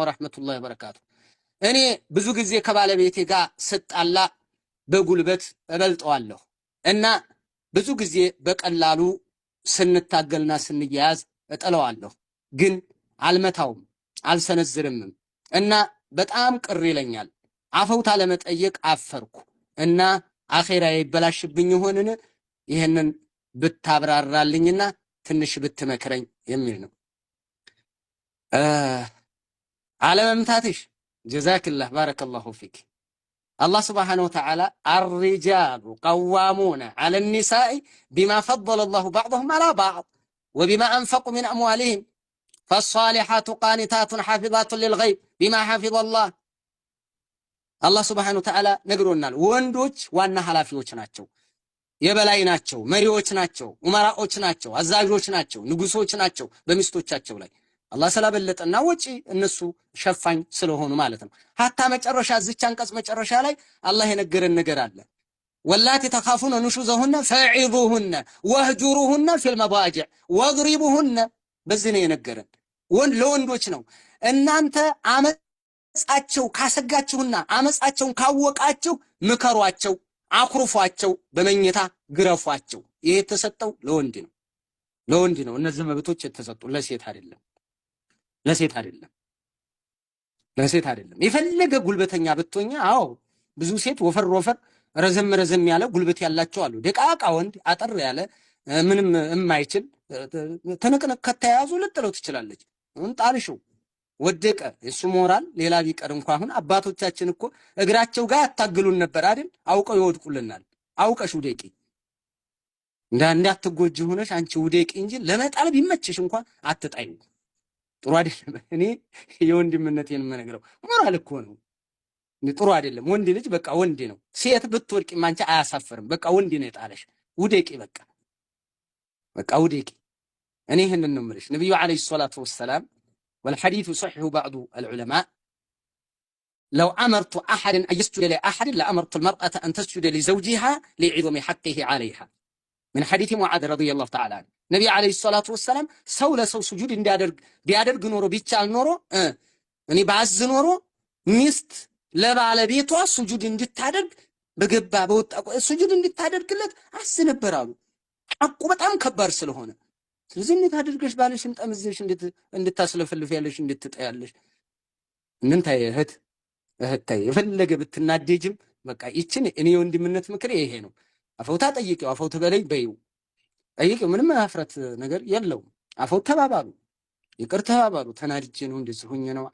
ወራህመቱላሂ ወበረካቱ። እኔ ብዙ ጊዜ ከባለቤቴ ጋር ስጣላ በጉልበት እበልጠዋለሁ እና ብዙ ጊዜ በቀላሉ ስንታገልና ስንያያዝ እጥለዋለሁ። ግን አልመታውም፣ አልሰነዝርምም እና በጣም ቅር ይለኛል። አፈውታ ለመጠየቅ አፈርኩ እና አኼራ ይበላሽብኝ ይሆንን? ይህንን ብታብራራልኝና ትንሽ ብትመክረኝ የሚል ነው። አለመምታትሽ ጀዛክላህ ባረከላሁ ፊክ። አላህ ስብሓነሁ ወተዓላ አርሪጃሉ ቀዋሙነ አለ ኒሳኢ ቢማ ፈደለ ላሁ ባዕድሁም አላ ባዕድ ወቢማ አንፈቁ ሚን አምዋሊህም ፈሷሊሓቱ ቃኒታቱን ሓፊዛቱን ልልገይብ ቢማ ሓፊዘ ላህ። አላህ ስብሓነሁ ወተዓላ ነግሮናል። ወንዶች ዋና ኃላፊዎች ናቸው፣ የበላይ ናቸው፣ መሪዎች ናቸው፣ ኡመራዎች ናቸው፣ አዛዦች ናቸው፣ ንጉሶች ናቸው በሚስቶቻቸው ላይ አላህ ስላበለጠና ወጪ እነሱ ሸፋኝ ስለሆኑ ማለት ነው። ሀታ መጨረሻ እዚች አንቀጽ መጨረሻ ላይ አላህ የነገረን ነገር አለ። ወላቲ ተኻፉነ ኑሹዘሁነ ፈዒዙሁነ ወህጁሩሁነ ፊል መዳጅዕ ወድሪቡሁነ። በዚህ ነው የነገረን። ለወንዶች ነው። እናንተ አመጻቸው ካሰጋችሁና አመጻቸውን ካወቃችሁ ምከሯቸው፣ አኩርፏቸው፣ በመኝታ ግረፏቸው። ይህ የተሰጠው ለወንድ ነው፣ ለወንድ ነው። እነዚህ መብቶች የተሰጡ ለሴት አይደለም። ለሴት አይደለም ለሴት አይደለም። የፈለገ ጉልበተኛ ብትሆኝ፣ አዎ ብዙ ሴት ወፈር ወፈር ረዘም ረዘም ያለ ጉልበት ያላቸው አሉ። ደቃቃ ወንድ አጠር ያለ ምንም የማይችል ትንቅንቅ ከተያያዙ ልጥለው ትችላለች። ጣልሽው ወደቀ እሱ ሞራል ሌላ ቢቀር እንኳ አሁን አባቶቻችን እኮ እግራቸው ጋር ያታግሉን ነበር አይደል? አውቀው ይወድቁልናል። አውቀሽ ውደቂ እንዳትጎጂ ሆነሽ አንቺ ውደቂ እንጂ ለመጣል ቢመችሽ እንኳን አትጣይ። ጥሩ አይደለም። እኔ የወንድምነቴን የምነግረው ሞራል እኮ ነው። ጥሩ አይደለም። ወንድ ልጅ በቃ ወንድ ነው። ሴት ብትወድቂ ማንቻ አያሳፍርም። በቃ ወንድ ነው የጣለሽ። ውደቂ፣ በቃ በቃ ውደቂ። እኔ ይህንን ነው የምልሽ። ነቢዩ ዓለይሂ ሰላቱ ወሰላም ወልሐዲቱ ሰሒሑ ባዕዱ አልዑለማ ለው አመርቱ አሐድን አንየስጁደ ሊአሐድን ለአመርቱ ልመርአተ አንተስጁደ ሊዘውጂሃ ሊዕظሚ ሐቂሂ ዓለይሃ ምን ሐዲት ሙዓዝ ረዲየላሁ ተዓላ አንሁ ነቢ ዓለይሂ ሰላቱ ወሰላም ሰው ለሰው ስጁድ እንዲያደርግ ቢያደርግ ኖሮ ቢቻል ኖሮ እኔ ባዝ ኖሮ ሚስት ለባለቤቷ ስጁድ እንድታደርግ በገባ በወጣ ስጁድ እንድታደርግለት አስ ነበር አሉ። አቁ በጣም ከባድ ስለሆነ ስለዚህ እንዴት አድርገሽ ባለሽን ጠምዘሽ እንድታስለፈልፍ ያለሽ እንድትጠያለሽ እንንታይ እህት እህታይ የፈለገ ብትናደጅም በቃ ይችን እኔ የወንድምነት ምክር ይሄ ነው። አፈውታ ጠይቂው አፈውት በለኝ በይው ጠይቂው፣ ምንም አፍረት ነገር የለውም። አፈው ተባባሉ፣ ይቅር ተባባሉ። ተናድጄ ነው እንደዚህ ሆኜ ነው